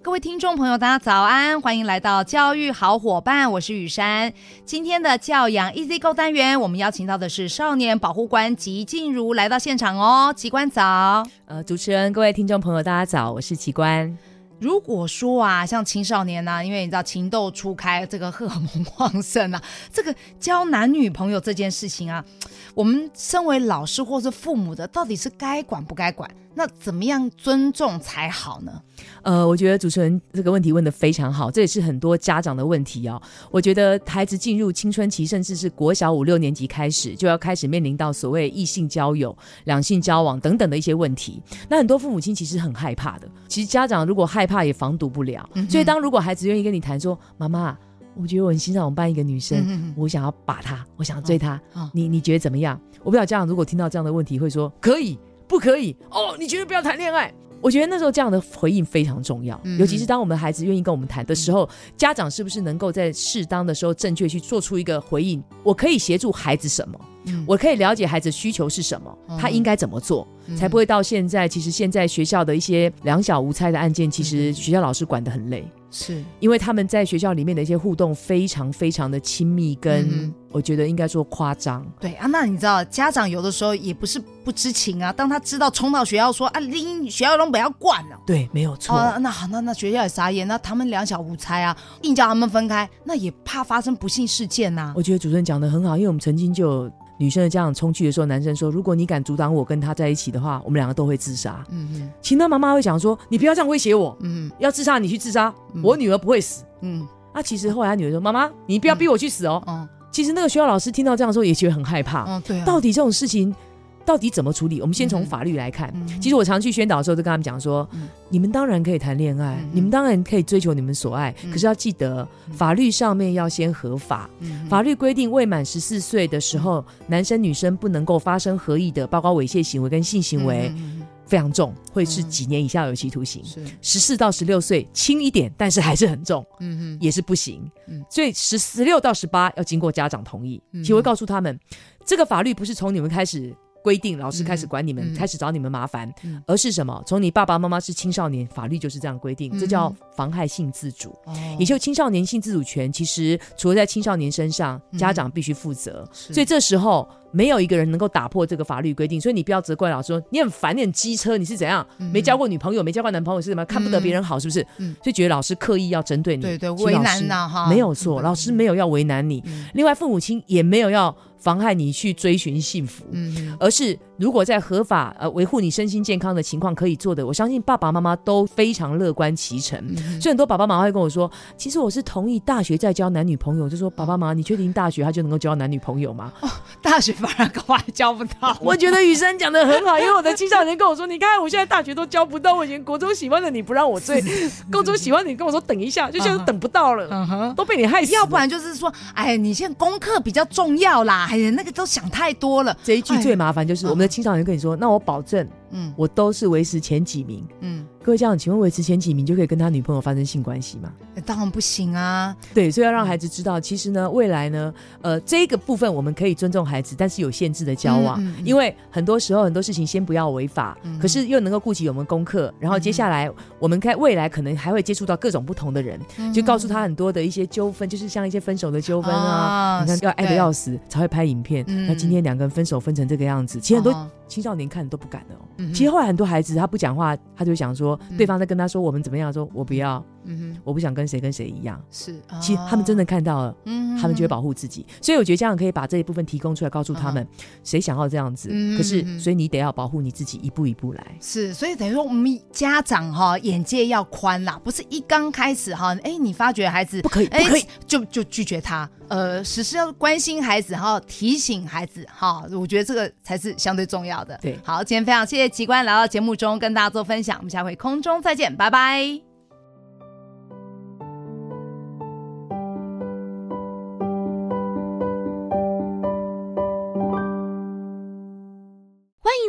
各位聽眾朋友，大家早安，歡迎來到教育好夥伴，我是雨珊。今天的教養 Easy Go 單元，我們邀請到的是少年保護官吉靜茹來到現場哦。吉官早，呃，主持人，各位聽眾朋友，大家早，我是吉官。如果說啊，像青少年呢、啊，因為你知道情竇初開，這個荷爾蒙旺盛啊，這個交男女朋友這件事情啊，我們身為老師或是父母的，到底是該管不該管？那怎麼樣尊重才好呢？呃，我覺得主持人這個問題問得非常好，這也是很多家長的問題哦。我覺得孩子進入青春期，甚至是國小五六年級開始，就要開始面臨到所謂異性交友、兩性交往等等的一些問題。那很多父母親其實很害怕的。其實家長如果害怕，也防堵不了。嗯、哼所以，當如果孩子願意跟你談說：“媽媽，我覺得我很欣賞我們班一個女生，嗯、哼哼我想要把她，我想要追她。哦”哦、你你覺得怎麼樣？我不知道家長如果聽到這樣的問題，會說可以。不可以哦！你絕對不要談戀愛。我覺得那時候這樣的回應非常重要，嗯、哼尤其是當我們孩子願意跟我們談的時候，嗯、哼家長是不是能夠在適當的時候正確去做出一個回應？我可以協助孩子什麼？嗯、我可以了解孩子需求是什麼？嗯、他應該怎麼做、嗯、才不會到現在？其實現在學校的一些兩小無猜的案件，其實學校老師管得很累。是因為他們在學校裡面的一些互動非常非常的親密，跟我覺得應該說誇張。嗯、對啊，那你知道家長有的時候也不是不知情啊。當他知道衝到學校說啊，你學校人不要管了，啊。對，沒有錯。啊，那好，那那，那，那，那學校也傻眼，那他們兩小無猜啊，硬叫他們分開，那也怕發生不幸事件吶，啊。我覺得主持人講得很好，因為我們曾經就有女生的家長衝去的時候，男生說：“如果你敢阻擋我跟他在一起的話，我們兩個都會自殺。嗯”嗯嗯，其他媽媽會講說：“你不要這樣威脅我，嗯，要自殺你去自殺，嗯、我女兒不會死。”嗯，啊，其實後來他女兒說：“媽媽，你不要逼我去死哦。嗯”嗯，其實那個學校老師聽到這樣的時候也覺得很害怕。嗯，對、嗯，到底這種事情。到底怎麼處理？我們先從法律來看。其實我常去宣導的時候，都跟他們講說：你們當然可以談戀愛，你們當然可以追求你們所愛。可是要記得，法律上面要先合法。法律規定，未滿十四歲的時候，男生女生不能夠發生合意的包括猥褻行為跟性行為，非常重，會是幾年以下有期徒刑。十四到十六歲輕一點，但是還是很重，嗯嗯，也是不行。所以十十六到十八要經過家長同意。其實會告訴他們，這個法律不是從你們開始。規定老師開始管你們，嗯嗯、開始找你們麻煩，嗯、而是什麼？從你爸爸媽媽是青少年，法律就是這樣規定，這叫妨害性自主。嗯、也就青少年性自主權，哦、其實除了在青少年身上，家長必須負責。嗯、所以這時候。沒有一個人能夠打破這個法律規定，所以你不要責怪老師說，你很煩，你很機車，你是怎樣？沒交過女朋友，沒交過男朋友是什麼？看不得別人好，是不是？嗯、所以覺得老師刻意要針對你，對對，為難了，啊、沒有錯，嗯、老師沒有要為難你，嗯、另外父母親也沒有要妨害你去追尋幸福，嗯、而是。如果在合法呃維護你身心健康的情況可以做的，我相信爸爸媽媽都非常樂觀其成。所以很多爸爸媽媽會跟我說，其實我是同意大學再交男女朋友，就說爸爸媽媽，你確定大學他就能夠交男女朋友嗎？哦、大學反而我還交不到。我覺得雨生講的很好， 因為我的青少年跟我說， 你看我現在大學都交不到，我以前國中喜歡的你不讓我追，高中喜歡的你跟我說等一下，就現在等不到了，都被你害死。死。要不然就是說，哎，你現在功課比較重要啦，哎呀那個都想太多了。這一句最麻煩就是、哎呃、我們。經常會跟你說：“那我保證。”嗯，我都是維持前幾名。嗯，各位家長，請問維持前幾名就可以跟他女朋友發生性關係嗎？欸？當然不行啊。對，所以要讓孩子知道，其實呢，未來呢，呃，這個部分我們可以尊重孩子，但是有限制的交往，嗯嗯、因為很多時候很多事情先不要違法，嗯、可是又能夠顧及我們功課。然後接下來我們在未來可能還會接觸到各種不同的人，嗯、就告訴他很多的一些糾紛，就是像一些分手的糾紛啊，哦、你看要愛得要死才會拍影片，嗯、那今天兩個人分手分成這個樣子，嗯、其實很多。青少年看都不敢的，哦，嗯、哼其實後來很多孩子他不講話，他就想說、嗯、哼對方在跟他說我們怎麼樣，說我不要。嗯哼，我不想跟誰跟誰一樣，是，哦、其實他們真的看到了，嗯哼，他們就會保護自己，嗯、哼所以我覺得家長可以把這一部分提供出來，告訴他們誰想要這樣子，嗯、哼可是，嗯、哼所以你得要保護你自己，一步一步來。是，所以等於說我們家長哈、喔、眼界要寬啦，不是一剛開始哈、喔，哎、欸，你發覺孩子不可以，不可以，欸、就就拒絕他，呃，時時要關心孩子，哈，然後提醒孩子哈、喔，我覺得這個才是相對重要的。對，好，今天非常謝謝奇觀來到節目中跟大家做分享，我們下回空中再見，拜拜。